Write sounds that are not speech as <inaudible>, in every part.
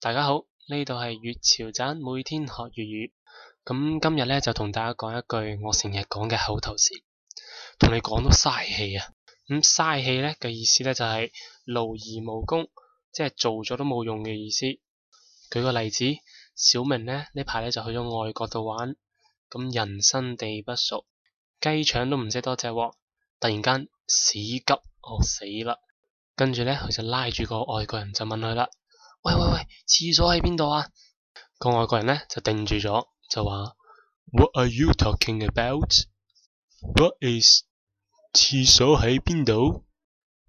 大家好，呢度係粵潮棧，每天學粵語。咁今日咧，就同大家講一句我成日講嘅口頭禪，同你講都嘥氣啊。咁嘥氣咧嘅意思咧，就係勞而無功，即係做咗都冇用嘅意思。舉個例子，小明呢，呢排咧，就去咗外國度玩，咁人生地不熟，雞腸都唔識多隻喎，突然間屎急。哦死啦！跟住咧，佢就拉住個外國人，就問佢啦：，喂喂喂，廁所喺邊度啊？個外國人咧就定住咗，就話：What are you talking about？What is？廁所喺邊度？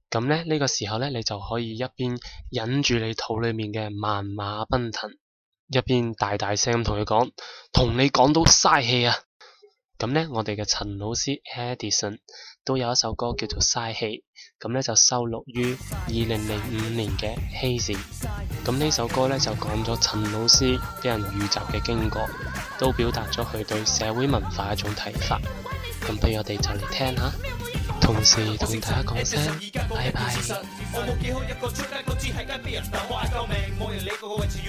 咁咧，呢個時候咧，你就可以一邊忍住你肚裏面嘅萬馬奔騰，一邊大大聲咁同佢講：，同你講到嘥氣啊！咁呢，我哋嘅陳老師 Edison 都有一首歌叫做《嘥氣》，咁呢就收錄於二零零五年嘅《HAZY》。咁呢首歌呢，就講咗陳老師俾人遇襲嘅經過，都表達咗佢對社會文化一種睇法。咁不如我哋就嚟聽下，同時同大家講聲拜拜。Bye bye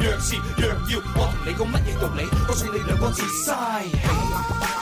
若是若要，我同你講乜嘢道理，我送你兩個字嘥氣。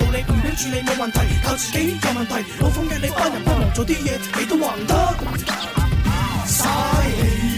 處理冇問題，靠自己有問題。老闆叫你班人幫忙 <music> 做啲嘢，你都話唔得嘥氣。 <music>